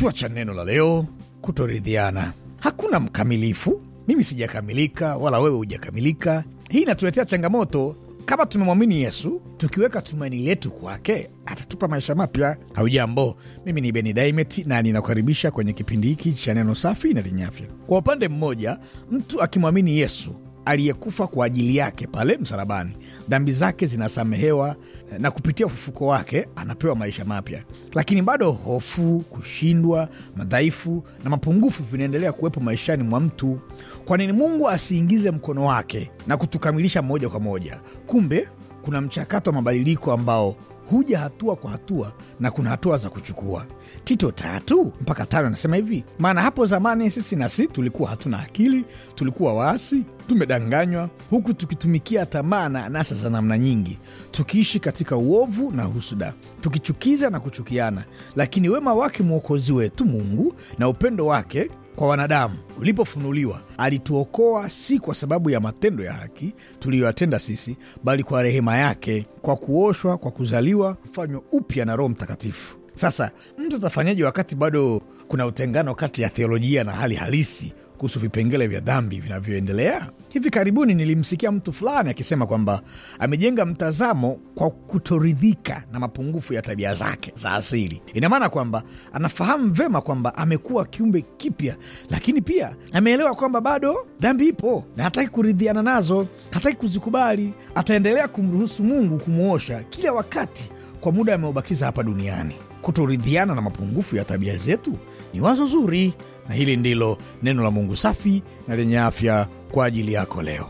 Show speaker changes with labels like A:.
A: Kichwa cha neno la leo: kutoridhiana. Hakuna mkamilifu. Mimi sijakamilika, wala wewe hujakamilika. Hii inatuletea changamoto. Kama tumemwamini Yesu, tukiweka tumaini letu kwake, atatupa maisha mapya. Haujambo, mimi ni Beni Daimet na ninakukaribisha kwenye kipindi hiki cha neno safi na lenye afya. Kwa upande mmoja, mtu akimwamini Yesu aliyekufa kwa ajili yake pale msalabani. Dhambi zake zinasamehewa eh, na kupitia ufufuko wake anapewa maisha mapya, lakini bado hofu, kushindwa, madhaifu na mapungufu vinaendelea kuwepo maishani mwa mtu. Kwa nini Mungu asiingize mkono wake na kutukamilisha moja kwa moja? Kumbe kuna mchakato wa mabadiliko ambao huja hatua kwa hatua na kuna hatua za kuchukua. Tito tatu mpaka tano anasema hivi, maana hapo zamani sisi nasi tulikuwa hatuna akili, tulikuwa waasi, tumedanganywa, huku tukitumikia tamaa na anasa za namna nyingi, tukiishi katika uovu na husuda, tukichukiza na kuchukiana. Lakini wema wake Mwokozi wetu Mungu na upendo wake kwa wanadamu ulipofunuliwa, alituokoa si kwa sababu ya matendo ya haki tuliyoyatenda sisi, bali kwa rehema yake, kwa kuoshwa, kwa kuzaliwa, kufanywa upya na Roho Mtakatifu. Sasa mtu atafanyaje wakati bado kuna utengano kati ya theolojia na hali halisi kuhusu vipengele vya dhambi vinavyoendelea. Hivi karibuni nilimsikia mtu fulani akisema kwamba amejenga mtazamo kwa kutoridhika na mapungufu ya tabia zake za asili. Ina maana kwamba anafahamu vema kwamba amekuwa kiumbe kipya, lakini pia ameelewa kwamba bado dhambi ipo na hataki kuridhiana nazo, hataki kuzikubali. Ataendelea kumruhusu Mungu kumwosha kila wakati kwa muda ameobakiza hapa duniani. Kutoridhiana na mapungufu ya tabia zetu ni wazo zuri, na hili ndilo neno la Mungu safi na lenye afya kwa ajili yako leo.